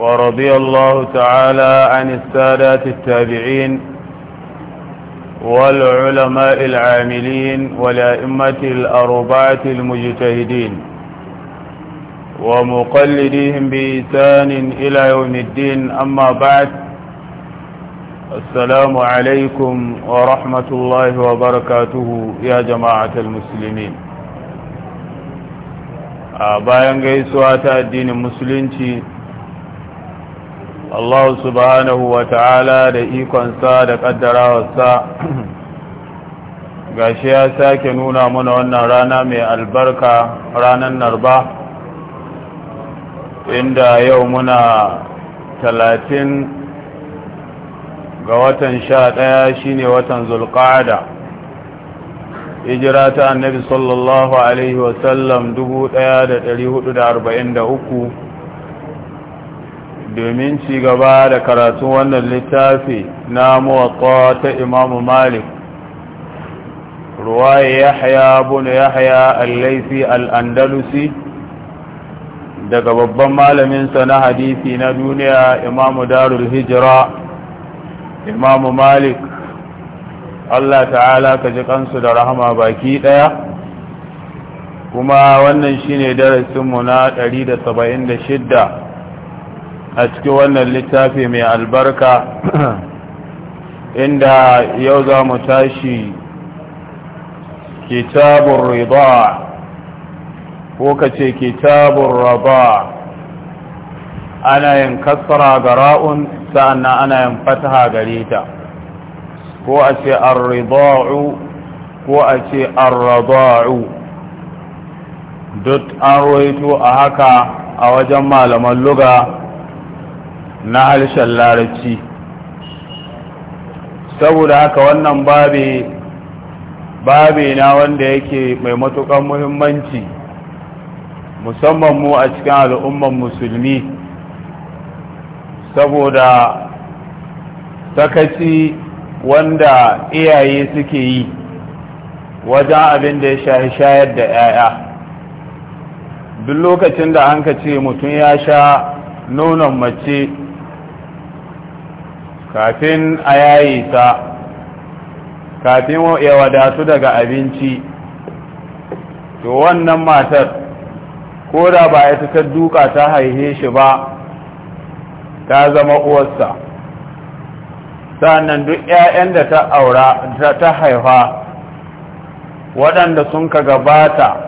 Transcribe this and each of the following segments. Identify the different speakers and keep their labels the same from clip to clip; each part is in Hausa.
Speaker 1: ورضي الله تعالى عن السادات التابعين والعلماء العاملين والأئمة الأربعة المجتهدين ومقلديهم بإسان إلى يوم الدين أما بعد السلام عليكم ورحمة الله وبركاته يا جماعة المسلمين أبا آه، ينقيسوا سواتا الدين المسلمين Allah subhanahu wa ta'ala da ikonsa da ƙaddarawarsa gashi ya sake nuna mana wannan rana mai albarka ranar narba inda yau muna talatin ga watan sha ɗaya shine watan zulƙada hijira ta annabi sallallahu alaihi wasallam 1443 domin ci gaba da karatu wannan littafi na muwatta ta imamu malik ruwaye yahya bin yahya al al-andalusi daga babban malamin sa na hadisi na duniya imamu darul hijra imamu malik Allah ta'ala ka ji kansu da rahama baki daya kuma wannan shine darasinmu na 176 a cikin wannan littafi mai albarka inda yau za mu tashi kitabun riba ko ka ce kitabun raba ana yin kasara ga ra'un sa'annan ana yin fataha gare ta ko a ce arriba'u ko a ce arraba'u duk an roito a haka a wajen malaman luga na harshen larabci saboda haka wannan babe babe na wanda yake mai matukan muhimmanci musamman mu a cikin al'umman musulmi saboda takaci wanda iyaye suke yi wajen abin da ya shahi shayar da 'ya'ya duk lokacin da an ka ce mutum ya sha nonon mace kafin a yayi ta kafin ya wadatu daga abinci to wannan matar ko da ba ita ta duka ta haihe shi ba ta zama uwarsa sannan duk 'ya'yan da ta aura ta haifa waɗanda sun ka gabata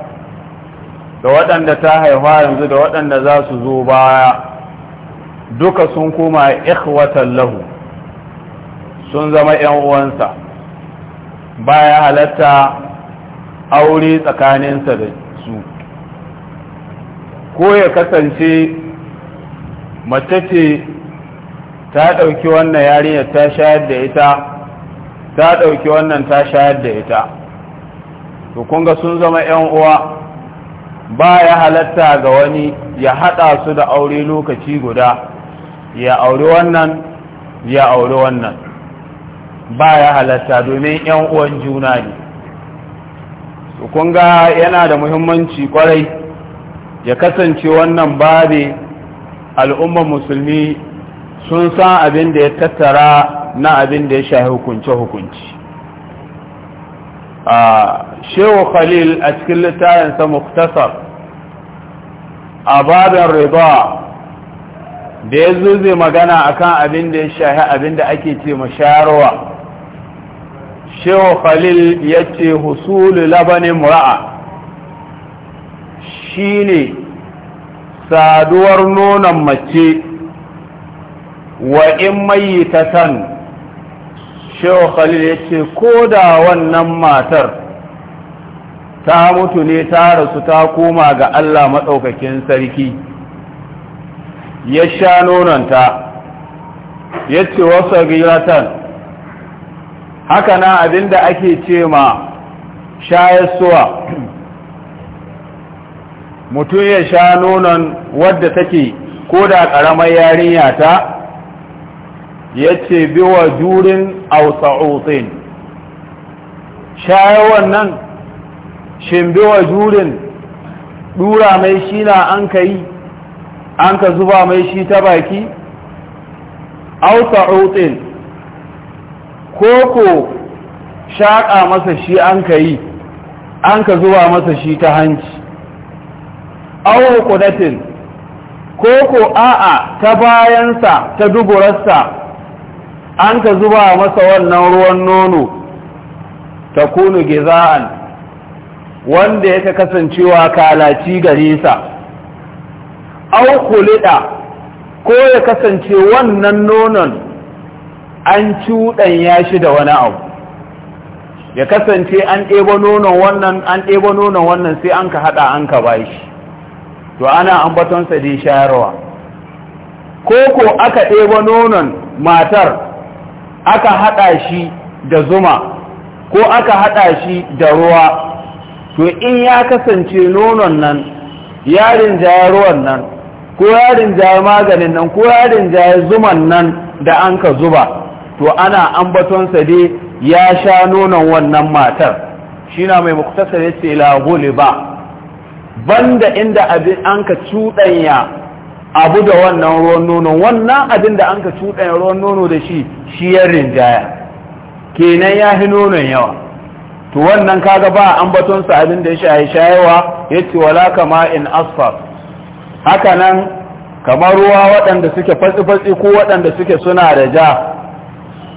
Speaker 1: da waɗanda ta haifa yanzu da waɗanda za su zo baya duka sun koma ikhwatan lahu sun zama ‘yan uwansa ba ya halatta aure tsakaninsa da su ko ya kasance mace ce ta ɗauki wannan yarinyar ta shayar da ita ta ɗauki wannan ta shayar da ita to kunga sun zama ‘yan uwa ba ya halatta ga wani ya haɗa su da aure lokaci guda ya aure wannan ya aure wannan ba ya halatta domin yan uwan juna ne su kunga yana da muhimmanci kwarai ya kasance wannan babe al'ummar musulmi sun san abin da ya tattara na abin da ya shahi hukunce-hukunci a shehu khalil a cikin littayensa muktasar a babin riba da ya zuzi magana akan abin da ya shahi abin da ake ce mashayarwa shewa khalil ya ce husulu labanin mura'a shine saduwar nonon mace wa in mayyitatan shewa khalil ya ce ko da wannan matar ta mutu ne ta rasu ta koma ga allah maɗaukakin sarki ya sha nononta ya ce wasu haka na abinda ake ce ma shayassuwa mutum ya sha nonon wadda take ko da ƙaramar yarinya ta ya ce biwa jurin ausa'utsin shayarwar nan shin biwa jurin ɗura mai shi na an ka yi an ka zuba mai shi ta baki ausa'utsin ko ko shaƙa masa shi an ka yi an ka zuwa masa shi ta hanci auku kudatin ko ko a'a ta bayansa ta duburarsa an ka zuba masa wannan ruwan nono ta kunu giza'an wanda yake kasancewa kalaci gare sa au kulida ko ya kasance wannan nonon an cuɗanya shi da wani abu ya kasance an ɗebo nonon wannan an ɗebo nonon wannan sai an ka haɗa an ka ba shi to ana ambatonsa dai shayarwa ko ko aka ɗebo nonon matar aka haɗa shi da zuma ko aka haɗa shi da ruwa to in ya kasance nonon nan yarin jayarwan nan ko yarin jayar maganin nan ko yarin jayar zuman nan da an ka zuba to ana ambatonsa dai ya sha nonon wannan matar shi na mai muktasar ce la ba banda inda abin an ka cuɗanya abu da wannan ruwan nono wannan abin da an ka cuɗanya ruwan nono da shi shi ya rinjaya kenan ya fi nonon yawa to wannan kaga ba ambatonsa abin da ya shaye shayewa ce wala kama in asfar haka nan kamar ruwa waɗanda suke fatsi-fatsi ko waɗanda suke suna da ja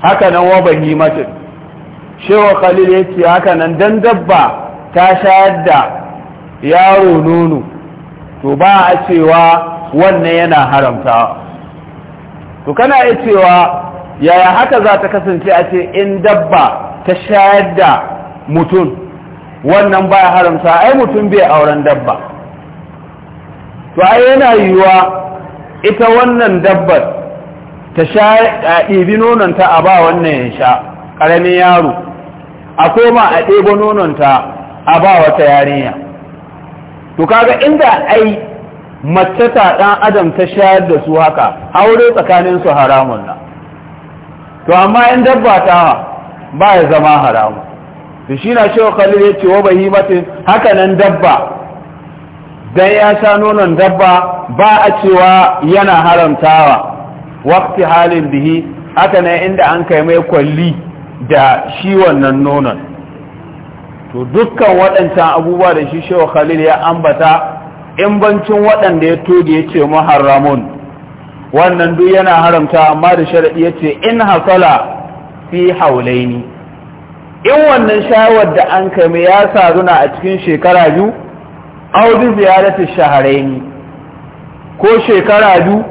Speaker 1: haka nan wa bahimatin shewa khalil ya haka nan dan dabba ta shayar da yaro nono to ba a cewa wannan yana haramta to kana iya cewa yaya haka za ta kasance a ce in dabba ta shayar da mutum wannan baya haramta ai mutum bai auren dabba to ai yana yiwuwa ita wannan dabbar ta sha a ɗibi nononta a ba wannan ya sha ƙaramin yaro a koma a ɗebo nononta a ba wata yarinya to kaga inda ai mace ta ɗan adam ta shayar da su haka aure tsakanin su haramun na to amma in dabba ta ba ya zama haramun to shi na cewa kalli ya ce wa bahimatin haka nan dabba dan ya sha nonon dabba ba a cewa yana haramtawa waqti halin bihi haka ne inda an kai mai kwalli da shi wannan nonon to dukkan waɗancan abubuwa da shi shewa khalil ya ambata in bancin waɗanda ya toge ya ce muharramun wannan duk yana haramta amma da sharaɗi ya ce in hasala fi haulaini in wannan shawar da an mai ya zuna a cikin shekara biyu audi ziyarati shaharaini ko shekara biyu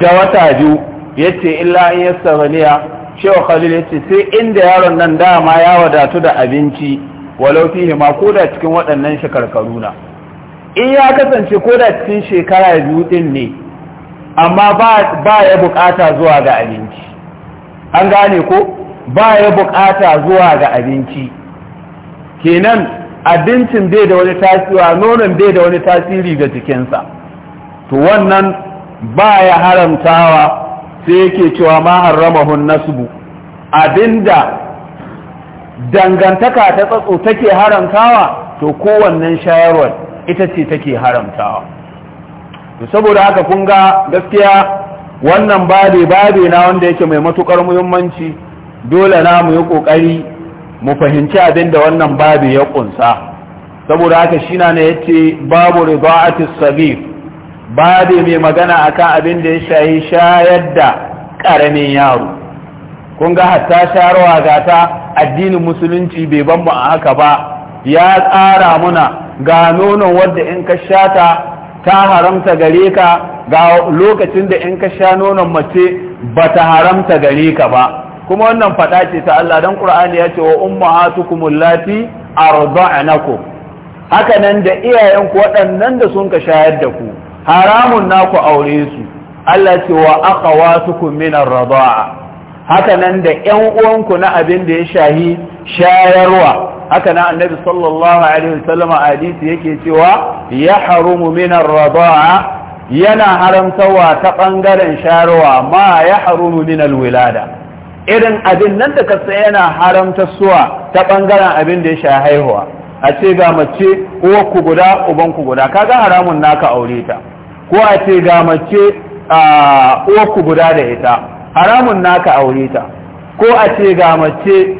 Speaker 1: da wata biyu yace illa in yastaghniya shehu khalil yace sai inda yaron nan dama ya wadatu da abinci walau fihi ma koda cikin waɗannan shekarkaru na in ya kasance koda cikin shekara biyu din ne amma ba ya bukata zuwa ga abinci an gane ko ba ya bukata zuwa ga abinci kenan abincin bai da wani tasiri nonon bai da wani tasiri ga jikinsa to wannan ba ya haramtawa sai yake cewa ma haramahun nasbu abinda dangantaka ta tsatso take haramtawa to kowannen shayarwar ita ce take haramtawa to saboda haka kun ga gaskiya wannan babe babe na wanda yake mai matukar muhimmanci dole na mu yi kokari mu fahimci abin da wannan babe ya kunsa saboda haka shi na yace babu ridaati sabir babi mai magana akan abin da ya shayi shayar da ƙaramin yaro kun ga hatta rawa ga ta addinin musulunci bai ban mu a haka ba ya tsara muna ga nonon wadda in ka sha ta haramta gare ka ga lokacin da in ka sha nonon mace ba ta haramta gare ka ba kuma wannan faɗa ce ta Allah dan Qur'ani ya ce wa ummahatukum allati arda'nakum haka nan da iyayenku waɗannan da sun ka shayar da ku haramun naku aure su Allah ce wa akhawatukum min ar rada'a haka nan da yan uwanku na abin da ya shahi shayarwa haka nan annabi sallallahu alaihi wasallam hadisi yake cewa ya harumu min ar yana haramtawa ta bangaren shayarwa ma ya harumu min al-wilada irin abin nan da kasa yana haramta suwa ta bangaren abin da ya shahi haihuwa a ce ga mace uwarku guda ubanku guda kaga haramun naka aure ta ko a ce ga mace uwarku guda da ita haramun naka aure ta ko a ce ga mace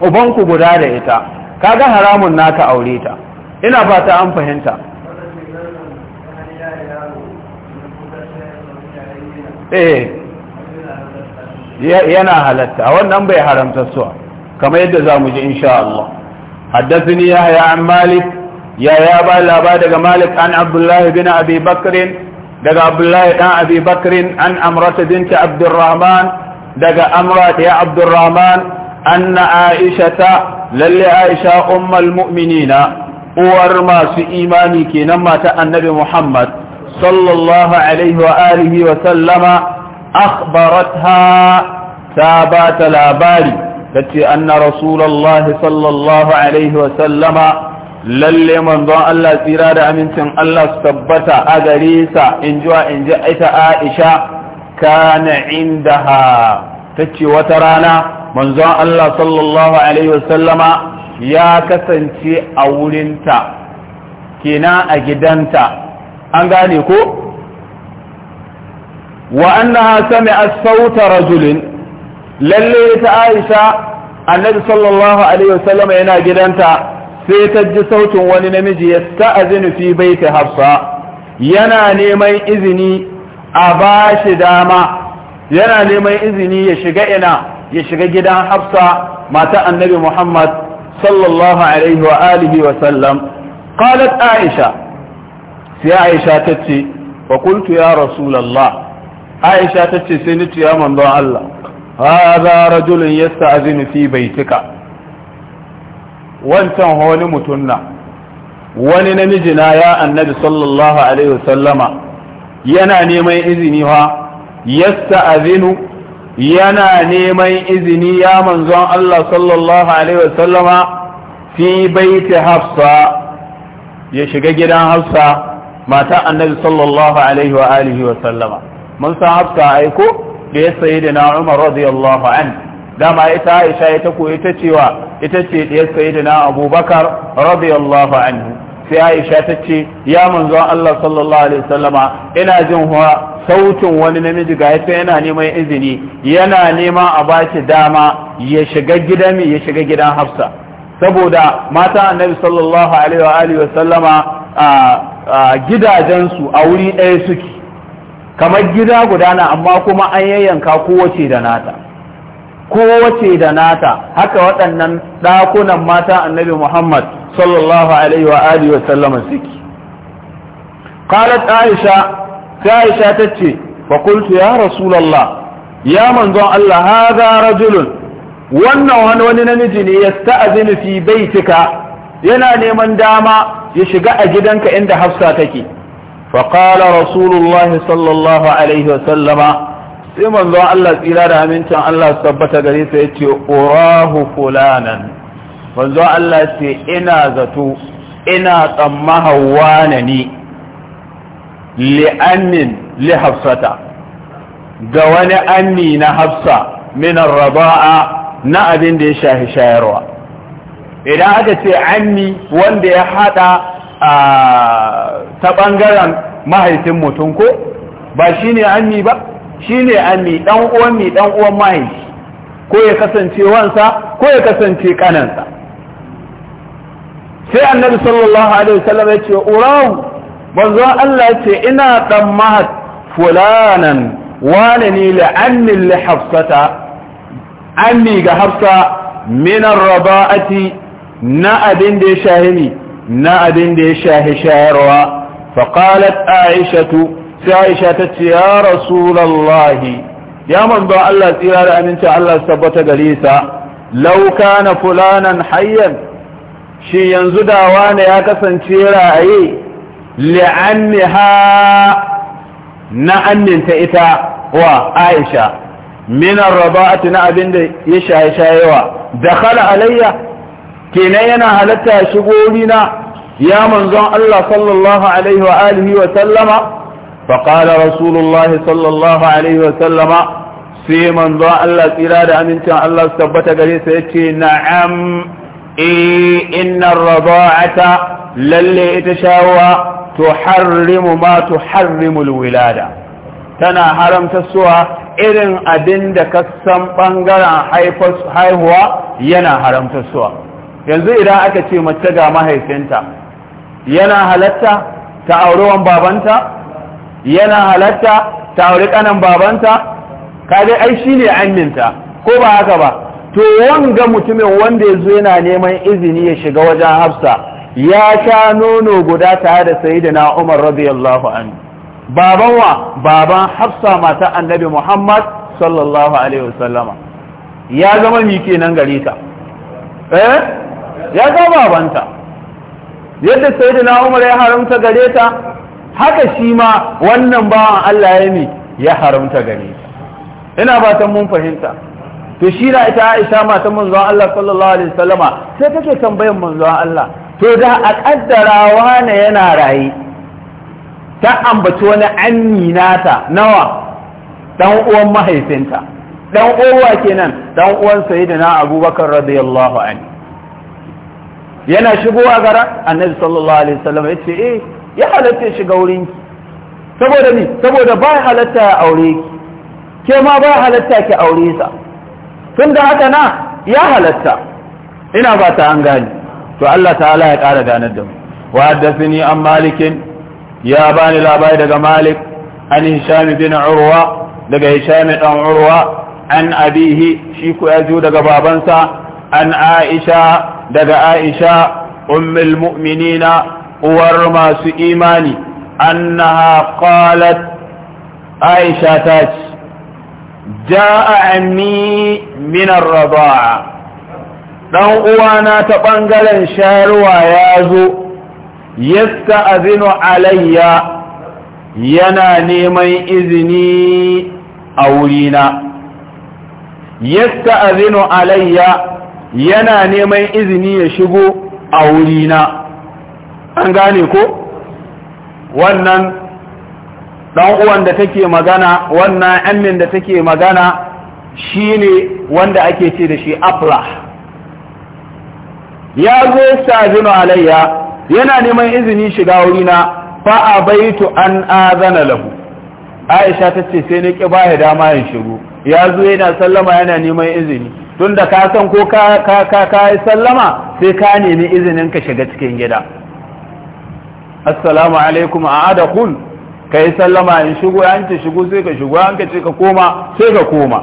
Speaker 1: ubanku guda da ita kaga haramun naka aure ta ina fata an fahimta eh yana halatta wannan bai haramta suwa kamar yadda za mu ji insha Allah حدثني يحيى عن مالك يا يا با لابا دغ مالك عن عبد الله بن ابي بكر دغ عبد الله بن ابي بكر عن امره بنت عبد الرحمن دغ امره يا عبد الرحمن ان عائشه للي عائشه ام المؤمنين uwar masu imani kenan mata annabi Muhammad sallallahu alaihi wa alihi wa sallama akhbaratha ta ba ta labari tace anna rasulullahi sallallahu alaihi wa sallama lalle manzon Allah tsira da amincin Allah tabbata a gare sa in ji in ji ita Aisha kana indaha tace wata rana manzon Allah sallallahu alaihi wa sallama ya kasance a wurinta kina a gidanta an gane ko wa annaha sami'a sauta rajulin lalle ta aisha annabi sallallahu alaihi wasallam yana gidanta sai ta ji sautin wani namiji ya sta'azinu fi baiti hafsa yana neman izini a bashi dama yana neman izini ya shiga ina ya shiga gidan hafsa mata annabi muhammad sallallahu alaihi wa alihi wa sallam qalat aisha sai aisha tace wa qultu ya rasulullah aisha tace sai ni ya manzon allah haza rajulun yasta'zinu fi baitika wancan wani mutum na wani namiji na ya annabi sallallahu alaihi wasallama yana neman izini ha yasta'zinu yana neman izini ya manzon Allah sallallahu alaihi wasallama fi baiti hafsa ya shiga gidan hafsa mata annabi sallallahu alaihi wa alihi wasallama mun san hafsa aiko da ya sayi da na umar radiyallahu an dama ita aisha ita ko ita cewa ita ce da ya sayi da na abubakar radiyallahu anhu sai aisha ta ce ya manzon allah sallallahu alaihi wasallama ina jin huwa sautin wani namiji ga yasa yana neman izini yana nema a bashi dama ya shiga gidan ya shiga gidan hafsa saboda mata annabi sallallahu alaihi wa alihi wasallama a gidajensu a wuri ɗaya suke kamar gida gudana amma kuma an yayyanka kowace da nata kowace da nata haka waɗannan ɗakunan mata annabi muhammad sallallahu alaihi wa alihi wa sallama suke qalat aisha sai aisha tace fa qultu ya rasulullah ya manzon allah hadha rajulun wannan wani namiji ne yasta'zinu fi baitika yana neman dama ya shiga a gidanka inda hafsa take فقال رسول الله صلى الله عليه وسلم sai manzon Allah tsira da amincin Allah tabbata gare yace urahu fulanan manzon Allah ce ina zato ina tsammaha wane ni li'annin ga wani anni hafsa min na abin da ya shayarwa idan aka ce wanda ya ta ɓangaren mahaifin mutum ko ba shi ne ammi ba shi ne ammi ɗan uwan mi ɗan uwan mahaifi ko ya kasance wansa ko ya kasance kanansa sai annabi sallallahu alaihi wasallam ya ce urahu manzo Allah ya ce ina dan mahat fulanan wani ne la anni li hafsata anni ga hafsa min arba'ati na abin da ya shahimi na abin da ya shahi shayarwa faƙalat aishatu sai aisha ta ce ya rasulallahi ya manzo Allah tsira da aminci Allah sabbata gare sa Lauka na fulanan hayyan shi yanzu dawa ne ya kasance ra'ayi li'annaha na anninta ita wa aisha min arba'ati na da ya shaye shayewa dakhala alayya kenan yana halatta shigo na ya manzon Allah sallallahu alaihi wa alihi wa sallama fa qala rasulullahi sallallahu alaihi wa sallama sai manzon Allah tsira da amincin Allah su tabbata gare sa yace na'am eh inna ar-rada'ata lalle ita shawa tuharrimu ma tuharrimu al-wilada tana haramta suwa irin abin da ka san bangaren haihuwa yana haramta suwa yanzu idan aka ce mace ga mahaifinta yana halatta ta aurewan babanta yana halatta ta aure kanan babanta kaje ai shine amminta ko ba haka ba to wanga mutumin wanda yazo yana neman izini ya shiga wajen Hafsa ya sha nono guda tare da Sayyidina Umar radiyallahu anhu baban wa baban Hafsa mata Annabi Muhammad sallallahu alaihi wasallama ya zama mi kenan gare ta eh ya ga babanta yadda sayyidina Umar ya haramta gare ta haka shi ma wannan bawan Allah ya ne ya haramta gare ta ina ta mun fahimta to shi na ita Aisha matan manzon Allah sallallahu alaihi wasallama sai take tambayan manzon Allah to da a na wane yana raye ta ambaci wani anni nawa dan uwan mahaifinta dan uwa kenan dan uwan sayyidina Abubakar radiyallahu anhu yana shigowa gara annabi sallallahu alaihi wasallam ya ce eh ya halatta shiga wurin saboda ni saboda ba halatta ya aure ki ke ma ba halatta ki aure sa tunda haka na ya halatta ina ba ta an gani to Allah ta'ala ya ƙara ganar da mu wa haddathani an malikin ya bani labari daga malik an hisham bin urwa daga hisham dan urwa an abihi shi ku ya daga babansa an aisha daga Aisha ummul mu'minina uwar masu imani annaha qalat Aisha ta ce ja'a ammi min ar-rida'a dan uwana ta bangaren sharuwa yazo yasta azinu alayya yana neman izini a wurina yasta azinu alayya yana neman izini ya shigo a wurina an gane ko wannan dan uwan da take magana wannan amin da take magana shine wanda ake ce da shi afla ya zo sajinu alayya yana neman izini shiga wurina fa abaitu an azana lahu aisha tace sai na ki baya dama ya shigo ya zo yana sallama yana neman izini tun da ka san ko ka ka ka yi sallama sai ka nemi izinin ka shiga cikin gida assalamu alaikum a adakun. ka yi sallama in shigo an ce shigo sai ka shigo an ka ce ka koma sai ka koma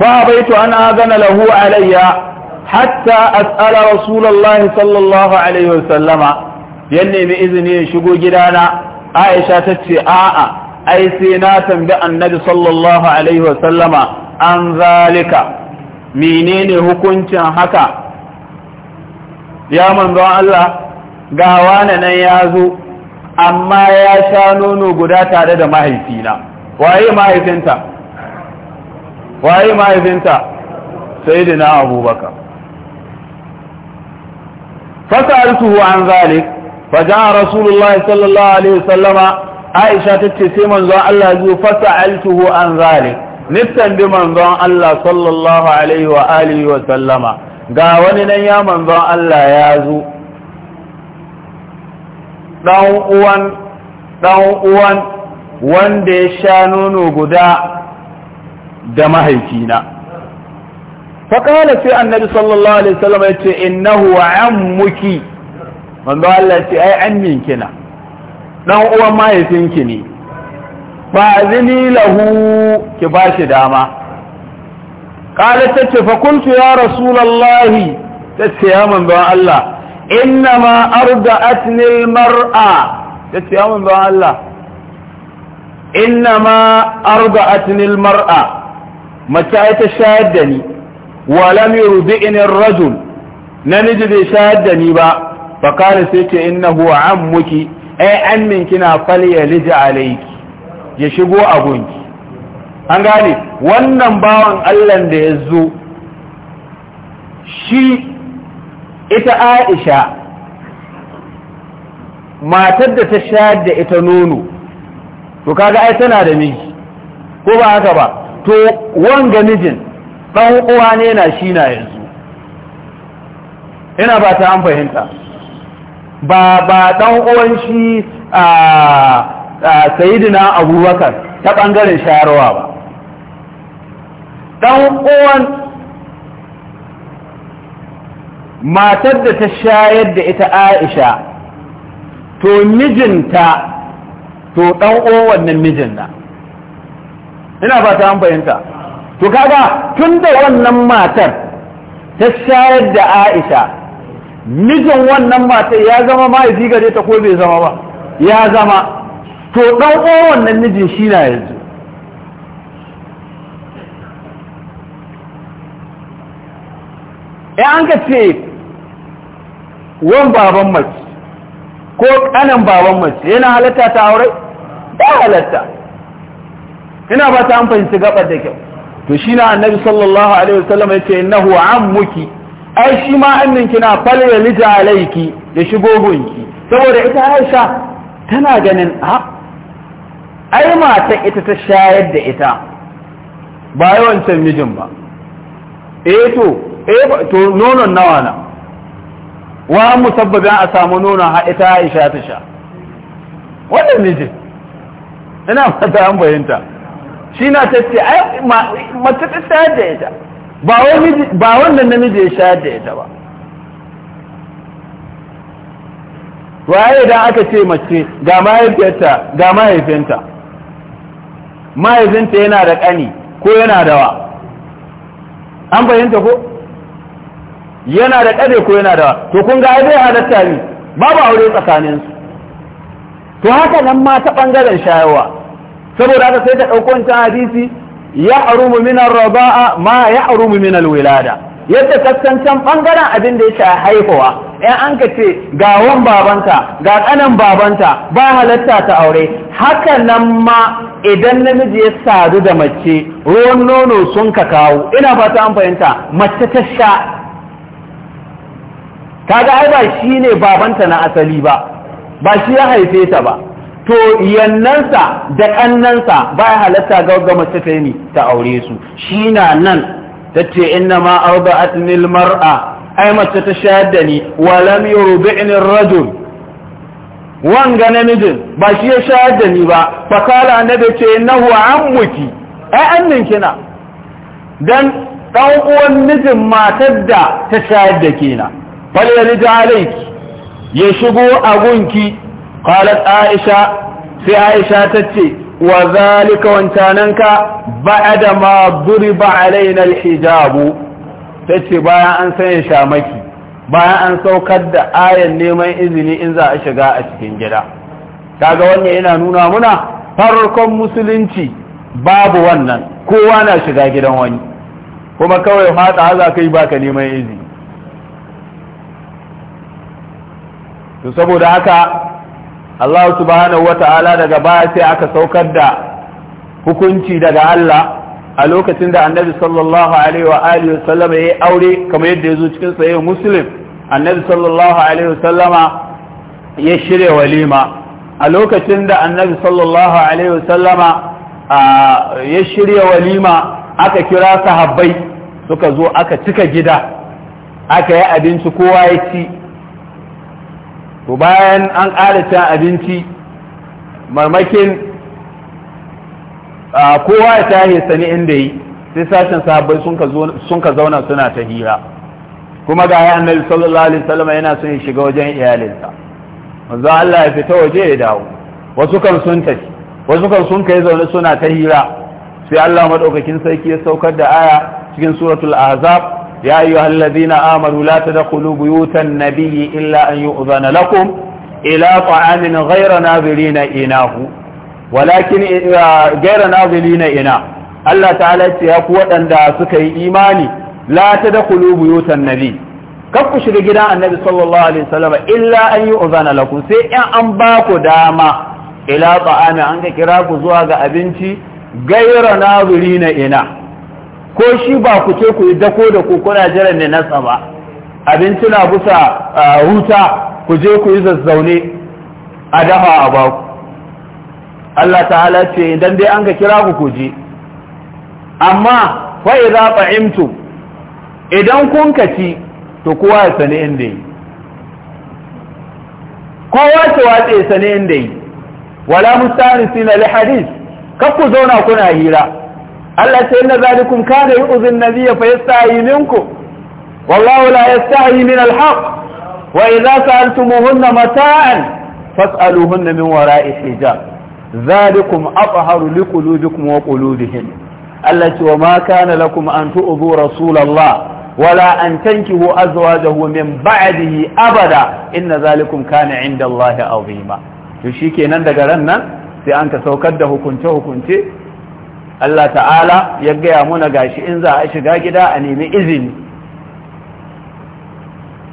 Speaker 1: fa baitu an agana lahu alayya hatta as'ala rasulullahi sallallahu alaihi wasallama ya nemi izini ya shigo gidana aisha ta ce a'a ai sai na tambi annabi sallallahu alaihi wasallama an zalika menene hukuncin haka ya manzon Allah ga wane nan ya zo amma ya sha nono guda tare da mahaifina waye mahaifinta waye mahaifinta sayyidina da na abubakar fasaltuhu an zalik faja rasulullahi sallallahu alaihi wasallama aisha tace sai manzon Allah ya zo fasaltuhu an zalik nittan bi manzon Allah sallallahu alaihi wa alihi wa sallama ga wani nan ya manzon Allah ya zo dan uwan dan uwan wanda ya sha nono guda da mahaifina faƙala sai annabi sallallahu alaihi wasallam ya ce innahu wa ammuki manzo Allah ya ce ai ammin kina dan uwan mahaifinki ne fa'azini lahu ki bashi dama qalat tace fa kuntu ya rasulullahi tace ya manzon Allah inna ma arda'atni almar'a tace ya manzon Allah inna ma arda'atni almar'a mace ai ta shayar da ni wa lam yurdi'ni ar na namiji bai shayar da ni ba fa kana sai ce innahu ammuki ai eh, ammin kina falyalij alayki ya shigo a gunki an gane wannan bawan allah da ya zo shi ita aisha matar da ta shayar da ita nono to kaga ai tana da miji ko ba haka ba to wanga mijin ɗan uwa ne na shi na yanzu ina ba ta an fahimta ba ba ɗan uwan shi a sayidina abubakar ta ɓangaren shayarwa ba ɗan uwan matar da ta shayar da ita aisha to mijinta to ɗan uwan wannan mijin na ina ba ta fahimta to kaga tun da wannan matar ta shayar da aisha mijin wannan matar ya zama mahaifi gare ta ko bai zama ba ya zama to ɗan uwan wannan mijin shi na yanzu ya an ka ce wan baban mace ko ƙanan baban mace yana halatta ta aure ba halatta ina ba ta amfani su gaɓar da kyau to shi na annabi sallallahu alaihi wasallam ya ce innahu muki. ai shi ma annin kina falle lija alaiki ya shigo gunki saboda ita Aisha tana ganin a ah, ai matan ita ta shayar da ita ba yawan can mijin ba eh to eh to nonon nawa na wa musabbabin a samu nonon ha ita Aisha ta sha wannan mijin ina fata an bayanta shi na ta ce ai mata ta shayar da ita ba wani ba wannan namiji ya shayar da ita ba waye idan aka ce mace ga mahaifiyarta ga mahaifinta mahaifinta yana da ƙani ko yana da wa an fahimta ko yana da ƙade ko yana da wa to kun ga zai halatta ne babu aure tsakaninsu to haka nan ma ta ɓangaren shayarwa saboda haka sai ta ɗauko wancan hadisi ya mu min raba'a, ma ya mu min alwilada yadda kasancan ɓangaren abin da ya sha haifawa. ‘yan an ka ce ga wan babanta ga kanan babanta ba halatta ta aure haka nan ma idan namiji ya sadu da mace ruwan nono sun ka kawo ina fata an fahimta mace ta sha ta ai ba shi ne babanta na asali ba ba shi ya haife ta ba to yannansa da ƙannansa ba ya halatta ga mace ta yi ta aure su shi na nan ta ce inna ma arba'at nil mar'a ai mace ta shayar da ni wa lam yurbi'ni rajul wanga namijin ba shi ya shayar da ni ba fa kala annabi ce innahu ammuki ai annin kina dan dan uwan mijin matar da ta shayar da kina fal yalija alayki ya shigo a gunki qalat aisha sai aisha tace wa zalika wancananka ba'da ma duriba alaina hijabu. ta ce bayan an sanya shamaki bayan an saukar da ayan neman izini in za a shiga a cikin gida kaga wannan yana nuna muna farkon musulunci babu wannan kowa na shiga gidan wani kuma kawai fata haza kai baka neman izini to saboda haka Allah subhanahu wata'ala daga baya sai aka saukar da hukunci daga Allah a lokacin da annabi sallallahu alaihi wa alihi wa sallama yayi aure kamar yadda yazo cikin sahih muslim annabi sallallahu alaihi wa sallama ya shirya walima a lokacin da annabi sallallahu alaihi wa sallama ya shirya walima aka kira sahabbai suka zo aka cika gida aka yi abinci kowa ya ci to bayan an ƙara cin abinci marmakin kowa ya tahe sani inda yi sai sashen sahabbai sun ka zauna suna ta hira kuma ga ya annabi sallallahu alaihi wasallam yana son ya shiga wajen iyalinsa manzo Allah ya fita waje ya dawo wasu kan sun tafi wasu kan sun kai zaune suna ta hira sai Allah madaukakin sarki ya saukar da aya cikin suratul ahzab ya ayyuhal ladina amanu la tadkhulu buyutan nabiyyi illa an yu'zana lakum ila ta'amin ghayra nadirina inahu walakin eh, gaira na ina Allah ta'ala ce ya ku waɗanda suka yi imani la tadkhulu buyutan nabi kar ku shiga gidan annabi sallallahu alaihi wasallam illa an yu'zana lakum sai in an ba ku dama ila ta'ami an ga kira ku zuwa ga abinci gaira nazirina ina ko shi ba ku ce ku yi dako da ku kuna jira ne nasa ba abinci na busa ah, huta ku je ku yi zazzaune a dafa a Allah ta'ala ce idan dai an ka kira ku ku je amma fa idza idan kun ka ci to kowa ya sani inda yi kowa ce ya sani inda yi wala mustanisi na li hadis ku zauna kuna hira Allah ce na zalikum kana yu'zin nabiyya fa yastahi minkum wallahu la yastahi min al-haq wa idza sa'altumuhunna mata'an fas'aluhunna min wara'i hijab zalikum aqharu liqulubikum wa qulubihim Allah ce wa ma kana lakum an tu'zu rasulallah wala an tankihu azwajahu min ba'dihi abada inna zalikum kana inda Allah azima to shikenan daga ran nan sai an ka saukar da hukunce hukunce Allah ta'ala ya gaya muna gashi in za a shiga gida a nemi izini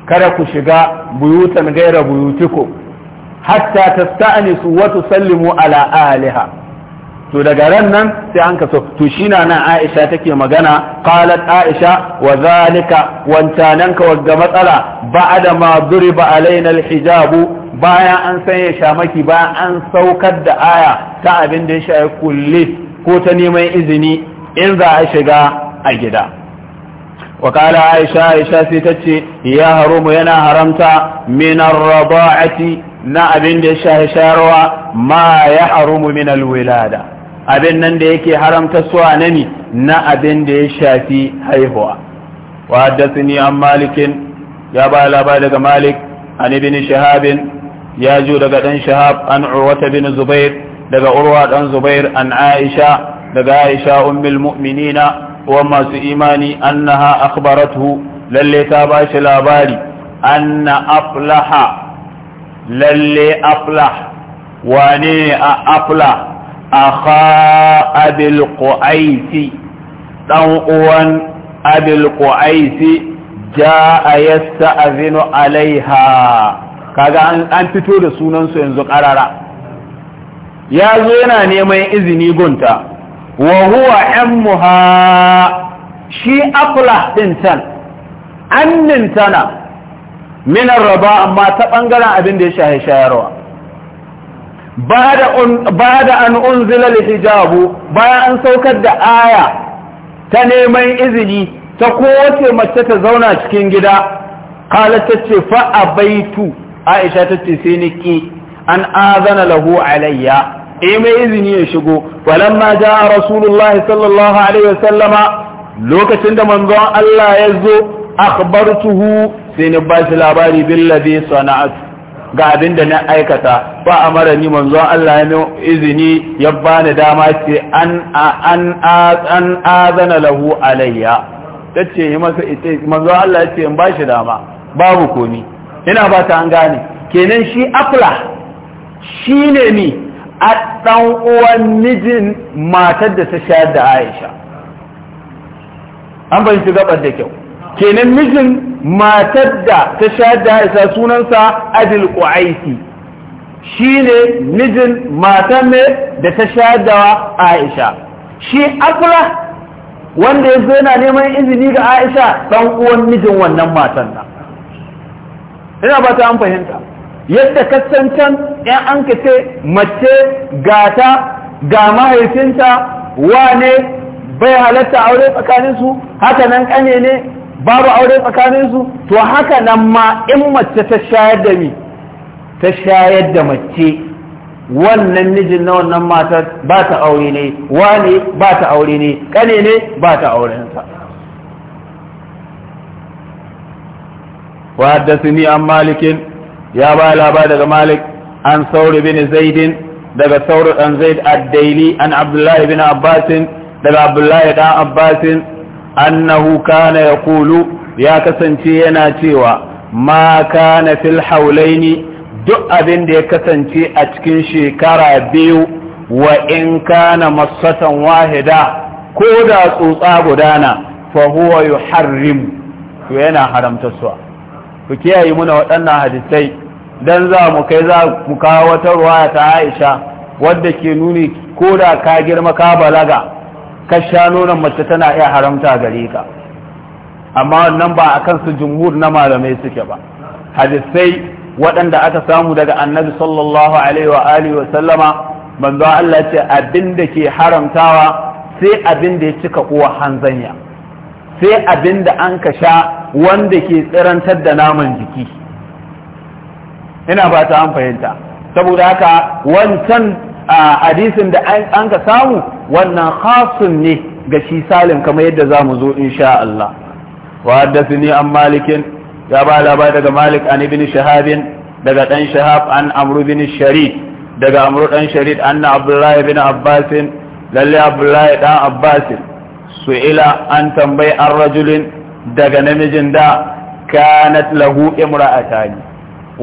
Speaker 1: kada ku shiga buyutan gaira buyutikum hatta tasta'nisu wa sallimu ala aliha to daga ran nan sai an kaso to shi na nan Aisha take magana qalat Aisha wa zalika wancanan ka wagga matsala da ma duriba alaina alhijabu bayan an sanya shamaki bayan an saukar da aya ta abin da ya shafi kulle ko ta neman izini in za a shiga a gida وقال aisha عائشة ستتشي يا هرم ينا هرمتا من الرضاعة na abin da ya shahi shayarwa ma ya harumu min alwilada abin nan da yake haramta suwa na ni na abin da ya shafi haihuwa wa ni an malikin ya ba labar daga malik an ibini shahabin ya ju daga dan shahab an urwata bin zubair daga urwa dan zubair an aisha daga aisha ummul mu'minina wa masu imani annaha akhbaratuhu lalle ta ba shi labari anna aflaha lalle afla wane ne a aflah a abil qu'aisi dan uwan abil a jaa yasta'zinu alaiha kaga an fito da sunansu yanzu ƙarara. ya zo yana neman izini gunta wa huwa muha. shi aflah ɗin tan annin tana minar raba amma ta bangaren abin da ya shahe shayarwa ba da an unzila hijabu bayan an saukar da aya ta neman izini ta kowace mace ta zauna cikin gida kalata ce baitu aisha ta ce sai niki an azana lahu alayya e mai izini ya shigo walamma ja a rasulullahi sallallahu alaihi wasallama lokacin da manzon Allah ya zo akbar tuhu. sai ni ba shi labari billabi sana'at ga abin da na aikata ba mara ni manzo Allah ya izini ya bani dama ce an an an azana lahu alayya tace yi masa ita manzo Allah ya ce in ba shi dama babu komi ina ba ta an gane kenan shi afla shine ni a dan uwan mijin matar da ta shayar da Aisha an bai shi gabar da kyau kenan mijin matar da ta sha da isa sunansa adil ƙwa'aiki shi ne mijin matar ne da ta sha da aisha shi akula wanda ya zo yana neman izini ga aisha ɗan uwan mijin wannan matan nan ina ba ta an fahimta yadda kasancan yan an ka ce mace gata ga mahaifinta wane bai halatta aure tsakaninsu haka nan kane ne babu aure tsakaninsu to haka nan ma in mace ta shayar da mi ta shayar da mace wannan mijin na wannan matar ba ta aure ne wane ba ta aure ne kane ne ba ta aurensa وحدثني عن مالك يا بالا بعد مالك عن ثور بن زيد daga ثور عن زيد الديلي عن عبد الله بن عباس daga عبد الله بن عباس annahu kana yaqulu ya kasance yana cewa ma kana fil haulaini duk abin da ya kasance a cikin shekara biyu wa in kana masatan wahida ko da tsutsa gudana fa huwa yuharrim to yana haramta suwa ku kiyaye muna waɗannan hadisai dan za mu kai za mu kawo wata ruwaya ta Aisha wadda ke nuni ko da ka girma ka balaga ka sha nonon mace tana iya haramta gare ka amma wannan ba a kan su jumhur na malamai suke ba hadisai waɗanda aka samu daga annabi sallallahu alaihi wa alihi wa sallama manzo Allah ce abinda ke haramtawa sai abin ya cika uwa hanzanya sai abinda an ka sha wanda ke tsirantar da naman jiki ina ba ta an fahimta saboda haka wancan A hadisin da an ka samu wannan khasun ne ga shi salim kamar yadda za mu zo in sha Allah wa haddathani an malikin ya ba daga malik an ibn shahabin daga dan shahab an amru bin sharid daga amru dan sharid anna abdullahi ibn abbasin lalle abdullahi dan abbasin su'ila an tambayi an rajulin daga namijin da kanat lahu imra'atani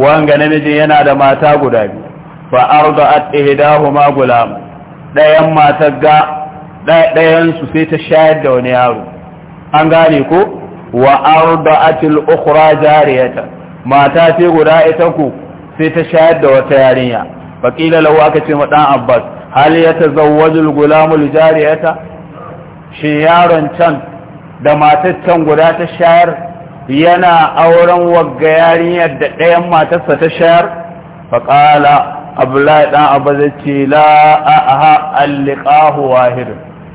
Speaker 1: wanga namijin yana da mata guda biyu fa arda'at ihdahuma gulam dayan matar ga dayan su sai ta shayar da wani yaro an gane ko wa arda'atil ukhra jariyata mata ce guda ita ku sai ta shayar da wata yarinya faqila lahu aka ce ma dan abbas hal yatazawwajul gulamu li jariyata shi yaron can da matar can guda ta shayar yana auren wagga yarinyar da ɗayan matarsa ta shayar faqala abdullahi dan abba zai ce la aha alliqahu wahid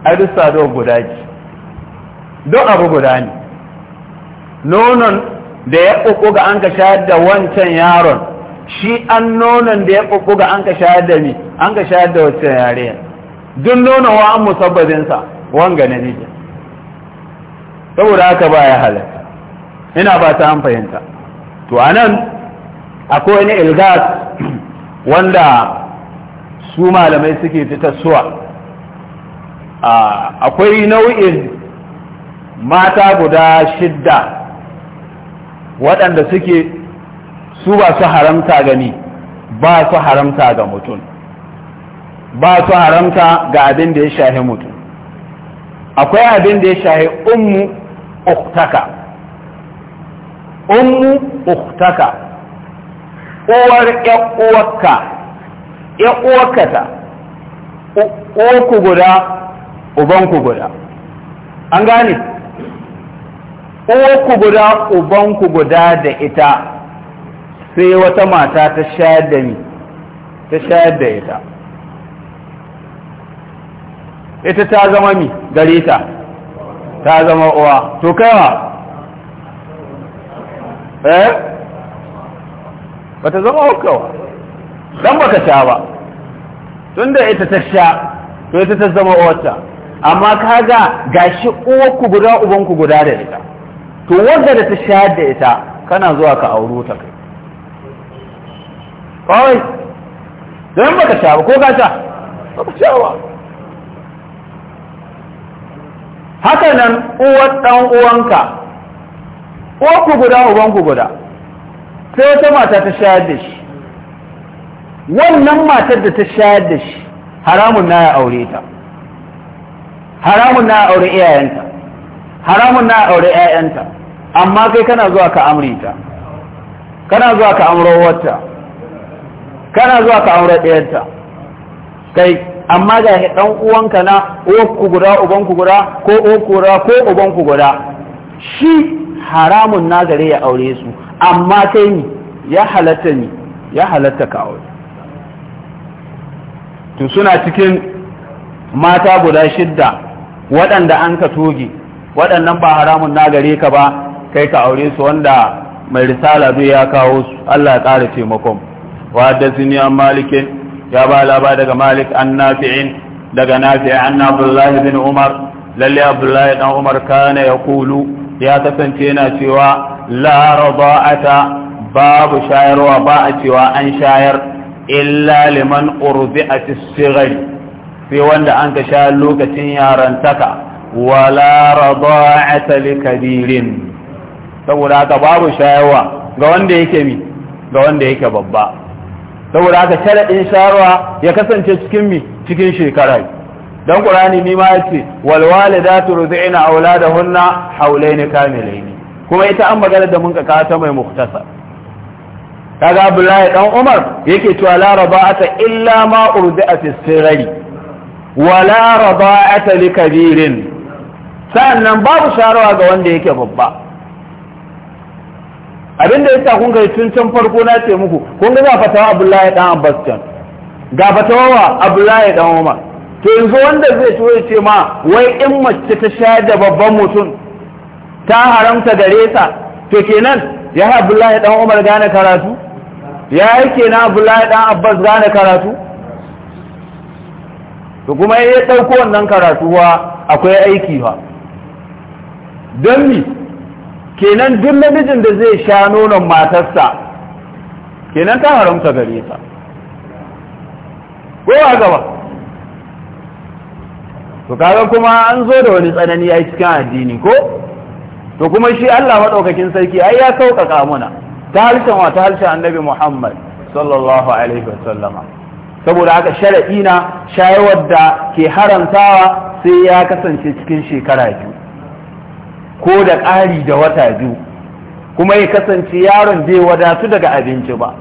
Speaker 1: ai duk sado guda ce duk abu guda ne nonon da ya kuku ga an ka shayar da wancan yaron shi an nonon da ya kuku ga an ka shayar da ni an ka shayar da wancan yare duk nonon wa an musabbadin sa wanga ne ne saboda haka ba ya halatta ina ba ta an fahimta to anan akwai wani ilgas wanda su malamai suke ta tasowa akwai nau'in mata guda shidda waɗanda suke su ba su haramta gani ba su haramta ga mutum ba su haramta ga abin da ya shahi mutum akwai abin da ya shahe ummu uktaka ummu uktaka uwar ƴaƙuwarka ƴaƙuwarka ta ku guda ubanku guda an gane ku guda ubanku guda da ita sai wata mata ta shayar da ni ta shayar da ita ita ta zama mi gare ta ta zama uwa to kaiwa eh ba ta zama hukkawa dan baka sha ba tun da ita ta sha to ita ta zama wata amma kaga gashi ku guda ubanku guda da ita to wanda da ta sha da ita kana zuwa ka auro ta kai kawai don baka sha ba ko ka sha baka sha ba haka nan uwar dan uwanka ku guda ubanku guda sai wata mata ta shayar da shi wannan matar da ta shayar da shi haramun na ya aure ta haramun na ya aure iyayenta haramun na ya aure iyayenta amma kai kana zuwa ka amrita kana zuwa ka wata kana zuwa ka amra ɗayarta kai amma ga ɗan uwanka na uwanku guda ubanku guda ko uwanku guda ko ubanku guda shi haramun na gare ya aure su amma kai ni ya halatta ni ya halatta ka aure to suna cikin mata guda shidda waɗanda an ka toge waɗannan ba haramun na gare ka ba kai ka aure su wanda mai risala zai ya kawo su Allah ya ƙara taimakon wa da an malikin ya ba laba daga malik an nafi'in daga nafi'in an abdullahi bin umar lalle abdullahi dan umar kana ya kulu ya kasance yana cewa la rada'ata babu shayarwa ba a cewa an shayar illa liman urdi'atis sigari sai wanda an ka sha lokacin yarantaka wala rada'ata likabirin saboda haka babu shayarwa ga wanda yake mi ga wanda yake babba saboda haka sharaɗin shayarwa ya kasance cikin mi cikin shekara dan qur'ani ni ma yace wal walidatu rud'ina auladahunna hawlayn kamilayn kuma ita an magana da mun ka ta mai muhtasa kaga abdullahi dan umar yake cewa la raba'ata illa ma urdi'a fi sirri wa la raba'ata li kabirin sannan babu sharuwa ga wanda yake babba abinda yasa kun ga tun can farko na ce muku kun ga fatawa abdullahi dan abbas can ga fatawa abdullahi dan umar to yanzu wanda zai so ya ce ma wai in mace ta sha da babban mutum ta haramta gare sa to kenan ya abdullahi dan umar gane karatu ya yi kenan abdullahi dan abbas gane karatu to kuma ya ɗauko wannan karatuwa akwai aiki ba don mi kenan duk namijin da zai sha nonon matarsa kenan ta haramta gare sa ko a gaba to kaga kuma an zo da wani tsanani a cikin addini ko to kuma shi Allah maɗaukakin sarki ai ya sauƙaƙa muna ta harshen wa ta harshen annabi Muhammad sallallahu alaihi wasallama saboda haka sharaɗi na shayarwar da ke harantawa sai ya kasance cikin shekara biyu ko da ƙari da wata biyu kuma ya kasance yaron bai wadatu daga abinci ba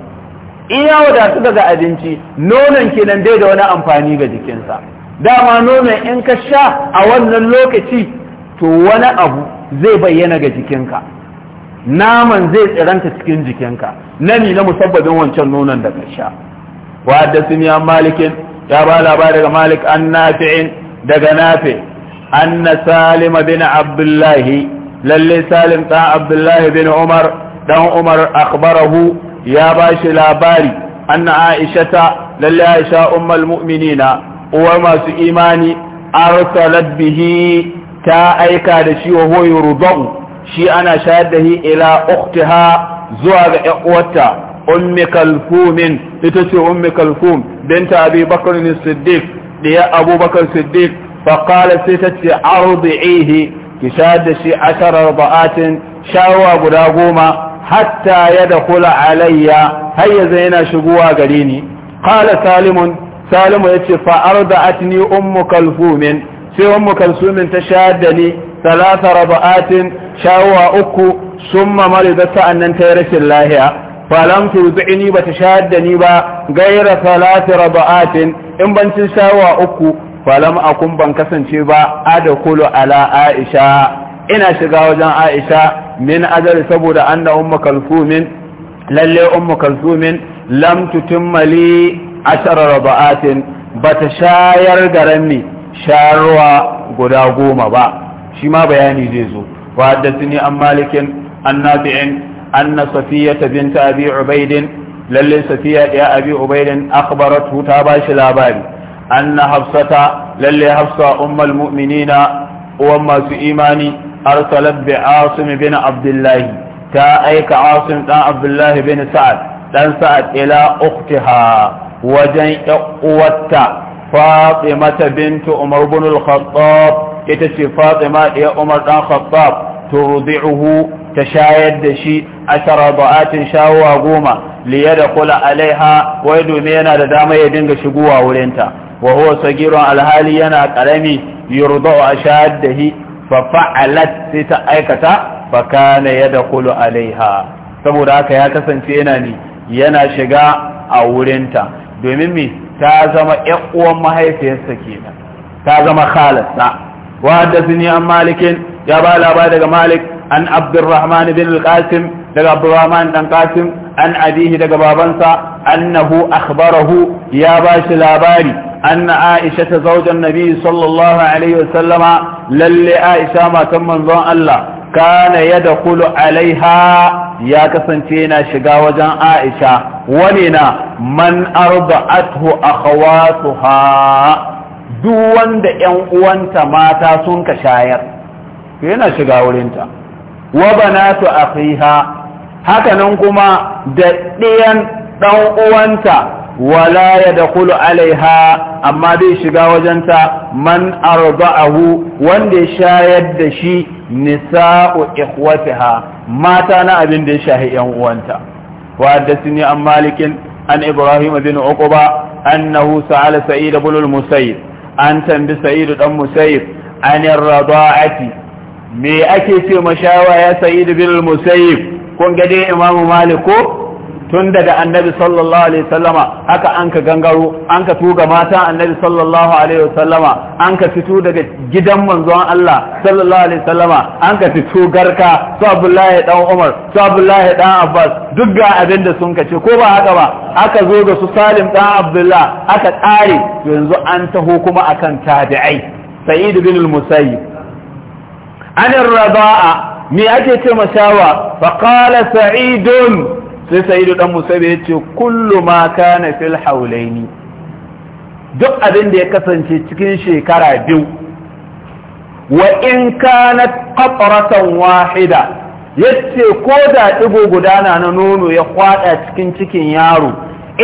Speaker 1: in wadatu daga abinci nonon kenan dai da wani amfani ga jikinsa dama nonon in ka sha a wannan lokaci to wani abu zai bayyana ga jikinka naman zai tsiranta cikin jikinka nani na musabbabin wancan nonon da ka sha wa haddathani an malikin ya ba labari daga malik an nafi'in daga nafi anna salima bin abdullahi lalle salim ta abdullahi bin umar dan umar akhbarahu ya ba shi labari anna aishata lalle aisha ummul mu'minina uwar masu imani arsalat bihi ta aika da shi wa hoyo rudon shi ana shayar da hi ila uktiha zuwa ga ƴaƙuwarta ummi kalfumin ita ce ummi kalfum binta abi bakar ne siddiq abubakar siddiq faƙala sai ta ce arzi'ihi ki shayar da shi asharar ba'atin shawa guda goma hatta ya da kula alayya har yanzu yana shigowa gare ni qala salimun salimu yace fa arda'atni ummu kalfumin sai ummu kalsumin ta sha da ni salasa raba'atin shawa uku mamari marida sa'annan ta yi rashin lahiya falam turbi'ni ba ta shayar ni ba gaira salasa raba'atin in bancin shawa uku falam akun ban kasance ba adakulu ala aisha ina shiga wajen aisha min ajali saboda anna umma kalsumin lalle umma kalsumin lam tutimma ashara raba'atin bata shayar garan ni sharuwa guda goma ba shi ma bayani zai zo wa haddathani an malikin an nafi'in anna safiyata binta abi ubaidin lalle safiya ya abi ubaidin akhbaratu ta shi labari anna hafsata lalle hafsa ummul mu'minina uwan masu imani arsalat bi asim bin abdullahi ta aika asim dan abdullahi bin sa'ad dan sa'ad ila ukhtiha wajen uwarta mata bintu umar ibn al-khattab ita ce fatima ya umar dan khattab turdi'uhu ta shayar da shi ashara da'atin shawwa goma li yadkhula alaiha wai domin yana da dama ya dinga shigowa wurinta wa huwa sagirun alhali yana karami a ashad dahi fa fa'alat sai ta aikata fa kana yadkhulu alaiha saboda haka ya kasance yana ni yana shiga a wurinta domin me ta zama ƴan mahaifiyarsa kenan ta zama khalasa wa haddathani an malikin ya ba labari daga malik an abdurrahman bin al daga abdurrahman dan qasim an abihi daga babansa annahu akhbarahu ya ba shi labari anna aisha ta zaujan nabi sallallahu alaihi wasallama lalle aisha matan manzon Allah kana yadkhulu alaiha ya kasance yana shiga wajen aisha wani na man arba'athu akhawatuha duk wanda yan uwanta mata sun ka shayar yana shiga wurinta wa banatu akhiha haka nan kuma da ɗiyan ɗan uwanta wala ya da kulu alaiha amma zai shiga wajenta man arba'ahu wanda ya shayar da shi nisa'u ikhwatiha mata na abin da ya shahi yan uwanta wa haddathani an malikin an ibrahim bin uqba annahu sa'ala sa'id ibn al-musayyib an tambi sa'id dan musayyib an ar-rada'ati me ake ce mashawa ya sa'id bin al-musayyib kun ga dai imamu malik ko tun daga annabi sallallahu alaihi wasallama haka an ka gangaro an ka tuga mata annabi sallallahu alaihi wasallama an ka fito daga gidan manzon Allah sallallahu alaihi wasallama an ka fito garka su Abdullahi dan Umar su Abdullahi dan Abbas duk ga abin da sun kace ko ba haka ba aka zo ga su Salim dan Abdullahi aka tsare yanzu an taho kuma akan tabi'ai Sa'id bin al-Musayyib an ar-raba'a me ake ce mashawa faqala sa'idun sai sa'idu dan musabe ya ce kullu ma kana fil haulaini duk abin da ya kasance cikin shekara biyu wa in kanat qatratan wahida yace ko da digo gudana na nono ya kwada cikin cikin yaro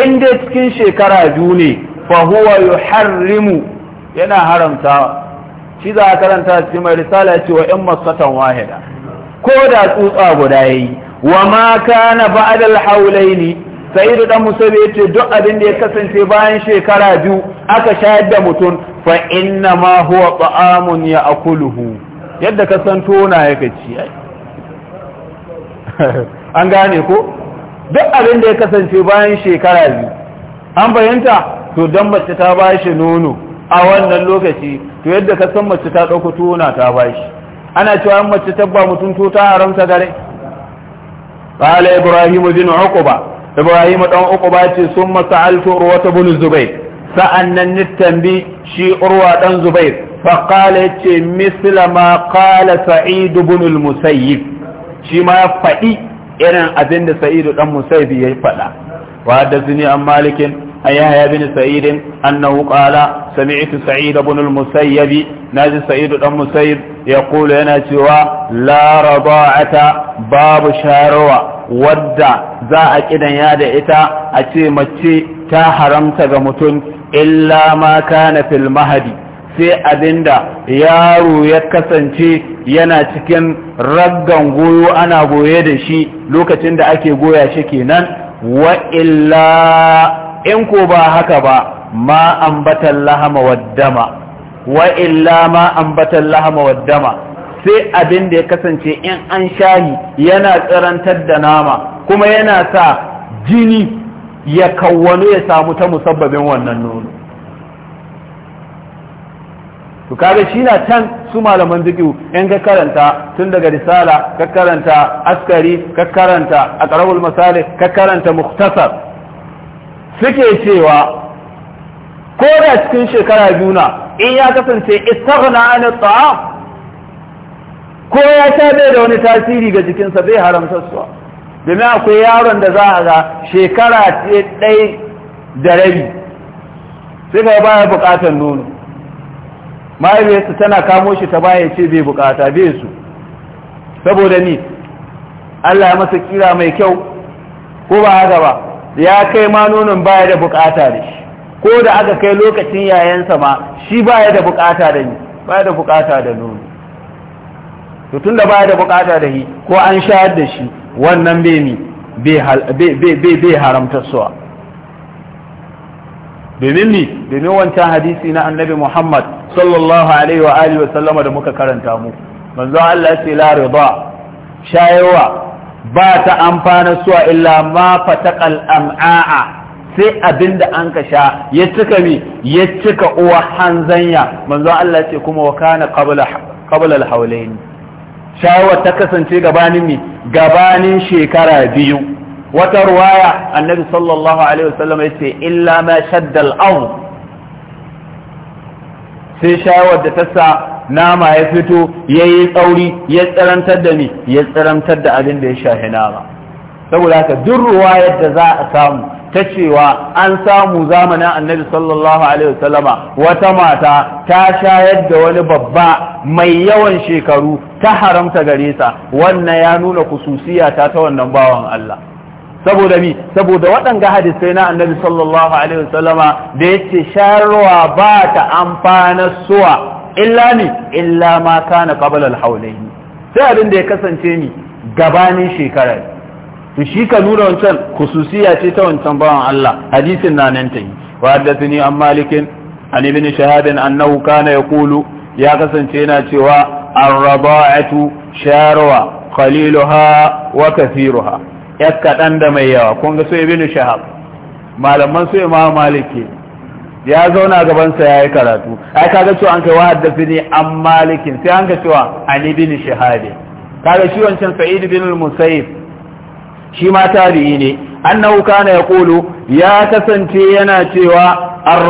Speaker 1: in dai cikin shekara biyu ne fa huwa yuharrimu yana haramta shi za a karanta cikin mai risala wa in masatan wahida ko da tsutsa guda yayi wa ma kana ba'da al-hawlaini sa'idu dan musabe yace duk abin da ya kasance bayan shekara biyu aka shayar da mutum fa inna ma huwa ta'amun ya'kuluhu yadda ka san tona yake ci an gane ko duk abin da ya kasance bayan shekara biyu an bayanta to dan mace ta bashi nono a wannan lokaci to yadda ka san mace ta dauko tona ta bashi ana cewa mace ta ba mutum to ta haramta gare qala ibrahim bin uqba ibrahim dan uqba ce summa sa'altu urwa ibn zubair sa'annan ni tambi shi urwa dan zubair fa qala yace misla ma qala sa'id ibn musayyib shi ma faɗi irin abin da sa'id dan musayyib ya faɗa wa hadathani an malikin أن يحيى بن سعيد أنه قال سمعت سعيد بن المسيب ناجي سعيد بن المسيب يقول أنا سوى لا رضاعة باب شاروا ودع ذا أكدا ياد إتا أتي متي تا حرمت غمتن إلا ما كان في المهدي sai abinda yaro ya kasance yana cikin raggan goyo ana goye da shi lokacin da ake goya shi kenan wa illa in ko ba haka ba ma ambatan lahama waddama wa illa ma ambatan lahama waddama sai abin da ya kasance in an shayi yana tsarantar da nama kuma yana sa jini ya kawwano ya samu ta musabbabin wannan nono to kaga shi na can su malaman zikiru in ka karanta tun daga risala ka karanta askari ka karanta a ƙarabul ka karanta muktasar suke cewa ko da cikin shekara biyu na in ya kasance istaghna an ta'am ko ya sha da wani tasiri ga jikinsa zai haramta suwa domin akwai yaron da za a ga shekara ce ɗai da rabi sai ga baya buƙatar nono mahaifiyarsa tana kamo shi ta baya ce bai bukata bai su saboda ni Allah ya masa kira mai kyau ko ba haka ba ya kai ma nonon baya da bukata da shi ko da aka kai lokacin yayansa ma shi baya da bukata da ni baya da bukata da nono to tunda baya da bukata da shi ko an shayar da shi wannan bai mi bai haramta suwa domin ni domin wancan hadisi na annabi Muhammad sallallahu alaihi wa alihi wa sallama da muka karanta mu manzo Allah ya ce la rida shayarwa ba ta amfana suwa illa ma fatakal am'a'a sai abin da an ka sha ya cika mi ya cika uwa hanzanya manzo Allah ce kuma wa kana qabla qabla al-hawlain ta kasance gabanin mi gabanin shekara biyu wata ruwaya annabi sallallahu alaihi wasallam yace illa ma shadda al-ard sai shawar da ta sa nama ya fito ya yi tsauri ya tsarantar da ni ya tsarantar da abin da ya shafi nama saboda haka duk ruwa yadda za a samu ta cewa an samu zamanin annabi sallallahu alaihi wasallama wata mata ta shayar da wani babba mai yawan shekaru ta haramta gare sa wannan ya nuna kususiya ta ta wannan bawan Allah saboda mi saboda waɗanga hadisai na annabi sallallahu alaihi wasallama da yace shayarwa ba ta amfana suwa illa ni illa ma kana qabla al sai abin da ya kasance ni gabanin shekarar to shi ka nuna wancan khususiya ce ta wancan bawan Allah hadisin na nan ta yi wa haddathani an malikin an ibn shahab annahu kana yaqulu ya kasance yana cewa ar-raba'atu sharwa qaliluha wa kathiruha ya da mai yawa kun ga so ibn shahab malaman sai imam maliki ya zauna gabansa ya yi karatu ai kaga cewa an kai wa ne an malikin sai an ga cewa an ibn shahabi kaga shi wancan sa'id bin al shi ma tabi'i ne annahu kana yaqulu ya kasance yana cewa ar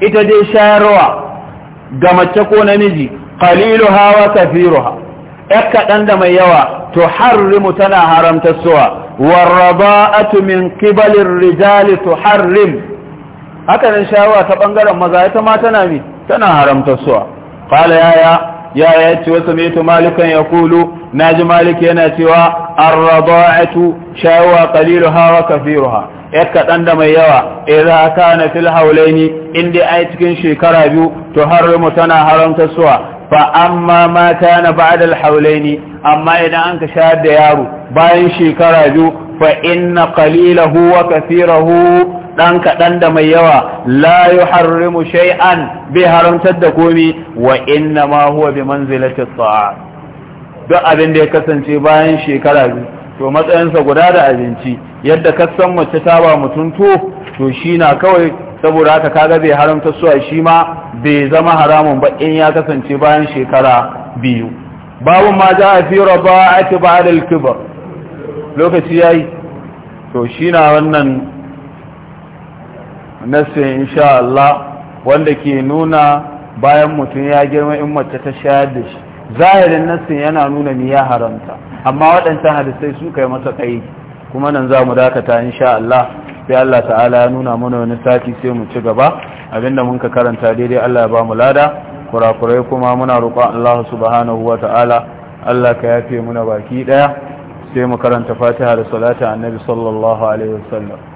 Speaker 1: ita dai shayarwa ga mace ko namiji qaliluha wa kathiruha kaɗan da mai yawa tuharrimu tana haramta suwa warraba'atu min qibalir rijali tuharrim haka nan shawa ta bangaren maza ita ma tana mi tana haramta suwa qala yaya yaya yace wa sami'tu malikan yaqulu naji malik yana cewa ar-rada'atu shawa qaliluha wa kathiruha ya kaɗan da mai yawa idza kana fil haulaini in dai ai cikin shekara biyu to mu tana haramta suwa fa amma ma kana ba'da al-haulaini amma idan an ka shayar da yaro bayan shekara biyu fa inna qalilahu wa kathirahu Ɗan kaɗan da mai yawa la yuharrimu shay'an bai haramtar da komi wa inna ma huwa bi manzilati sa'a duk abin da ya kasance bayan shekara biyu to matsayinsa guda da abinci yadda kasan mace ta ba mutum to to shi na kawai saboda haka kaga bai haramta suwa shi ma bai zama haramun ba in ya kasance bayan shekara biyu babu ma za a fi raba'ati ba'da al-kibar lokaci yayi to shi na wannan nasin insha Allah wanda ke nuna bayan mutum ya girma in mace ta shayar da shi zahirin nasin yana nuna ni ya haramta amma waɗancan hadisai su kai masa kai kuma nan za mu dakata insha Allah sai Allah ta'ala ya nuna mana wani sati sai mu ci gaba abinda mun ka karanta daidai Allah ya ba mu lada kurakurai kuma muna roƙon Allah subhanahu wa ta'ala Allah ka yafe muna baki daya sai mu karanta Fatiha da salati annabi sallallahu alaihi wasallam